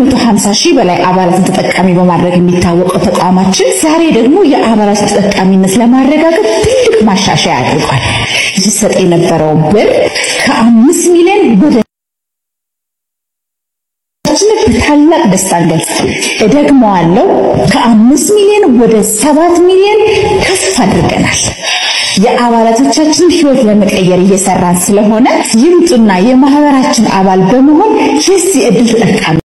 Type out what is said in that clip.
መቶ ሀምሳ ሺህ በላይ አባላትን ተጠቃሚ በማድረግ የሚታወቀው ተቋማችን ዛሬ ደግሞ የአባላት ተጠቃሚነት ለማረጋገጥ ትልቅ ማሻሻያ አድርጓል። ይሰጥ የነበረው ብር ከአምስት ሚሊዮን ወደ ታላቅ ደስታ እንገልጻለን። እደግመዋለሁ፣ ከአምስት ሚሊዮን ወደ ሰባት ሚሊዮን ከፍ አድርገናል። የአባላቶቻችንን ህይወት ለመቀየር እየሰራን ስለሆነ ይምጡና የማህበራችን አባል በመሆን የዚህ እድል ተጠቃሚ